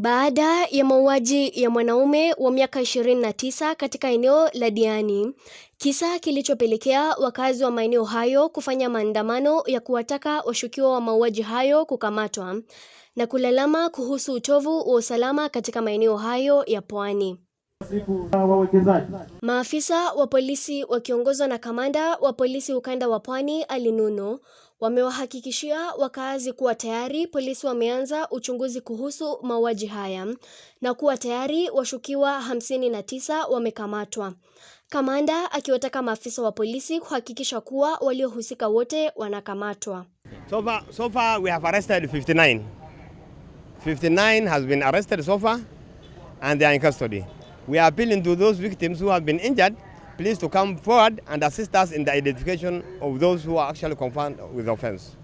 Baada ya mauaji ya mwanaume wa miaka 29 katika eneo la Diani, kisa kilichopelekea wakazi wa maeneo hayo kufanya maandamano ya kuwataka washukiwa wa mauaji hayo kukamatwa na kulalama kuhusu utovu wa usalama katika maeneo hayo ya pwani. Maafisa wa polisi wakiongozwa na kamanda wa polisi ukanda wa Pwani Ali Nuno wamewahakikishia wakaazi kuwa tayari polisi wameanza uchunguzi kuhusu mauaji haya na kuwa tayari washukiwa hamsini na tisa wamekamatwa. Kamanda akiwataka maafisa wa polisi kuhakikisha kuwa waliohusika wote wanakamatwa. So far, so far we have arrested 59. 59 has been arrested so far and they are in custody. We are appealing to those victims who have been injured, please to come forward and assist us in the identification of those who are actually confirmed with offense.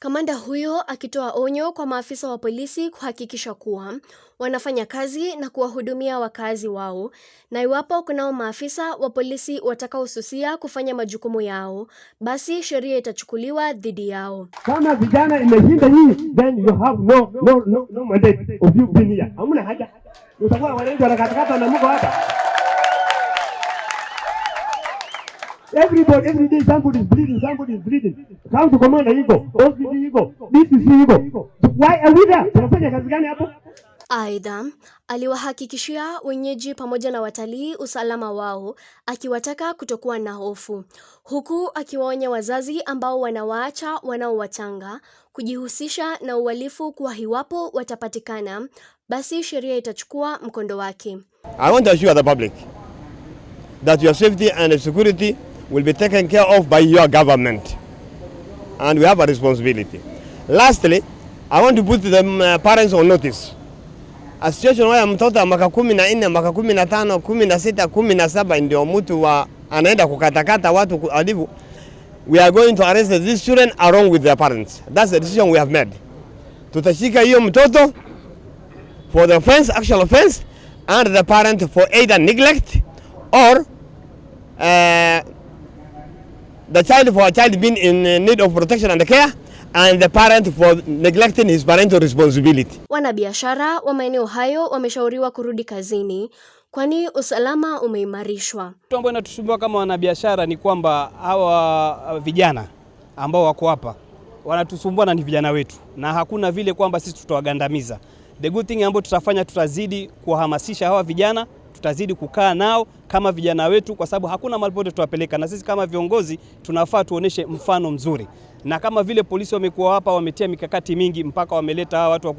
Kamanda huyo akitoa onyo kwa maafisa wa polisi kuhakikisha kuwa wanafanya kazi na kuwahudumia wakazi wao, na iwapo kunao maafisa wa polisi watakaosusia kufanya majukumu yao, basi sheria itachukuliwa dhidi yao. Kama vijana imeshinda hii, then you have no, no, no, no mandate of you being here. Hamna haja utakuwa wananchi wanakatakata na mko hapa. Everybody every day somebody is bleeding, somebody is bleeding. County commander iko, OCD iko, DCC iko. Why are we there? Tunafanya kazi gani hapo? Aidha, aliwahakikishia wenyeji pamoja na watalii usalama wao, akiwataka kutokuwa na hofu, huku akiwaonya wazazi ambao wanawaacha wanao wachanga kujihusisha na uhalifu kuwa hiwapo watapatikana, basi sheria itachukua mkondo wake. I want to assure the public that your safety and security will be taken care of by your government and we have a responsibility. Lastly, I want to put the uh, parents on notice association waya mtoto mwaka kumi na nne mwaka kumi na tano kumi na sita kumi na saba ndio mtu wa anaenda kukatakata watu alivu. We are going to arrest these children along with their parents. That's the decision we have made. Tutashika hiyo mtoto for the offense, actual offense and the parent for either neglect or uh, the child for a child being in need of protection and care and the parent for neglecting his parental responsibility. Wanabiashara wa maeneo hayo wameshauriwa kurudi kazini kwani usalama umeimarishwa. Kitu ambayo inatusumbua kama wanabiashara ni kwamba hawa uh, vijana ambao wako hapa wanatusumbua na ni vijana wetu, na hakuna vile kwamba sisi tutawagandamiza. The good thing ambayo tutafanya, tutazidi kuwahamasisha hawa vijana tutazidi kukaa nao kama vijana wetu, kwa sababu hakuna mahali pote tutawapeleka, na sisi kama viongozi tunafaa tuoneshe mfano mzuri, na kama vile polisi wamekuwa hapa, wametia mikakati mingi mpaka wameleta hawa watu wa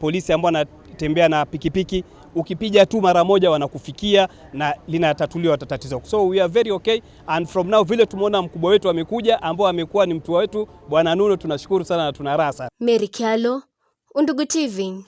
polisi ambao wanatembea na pikipiki ukipiga tu mara moja wanakufikia na linatatuliwa tatizo. So we are very okay and from now, vile tumeona mkubwa wetu amekuja ambao amekuwa ni mtu wetu Bwana Nuno, tunashukuru sana na tuna raha sana. Mary Kyallo, Undugu TV.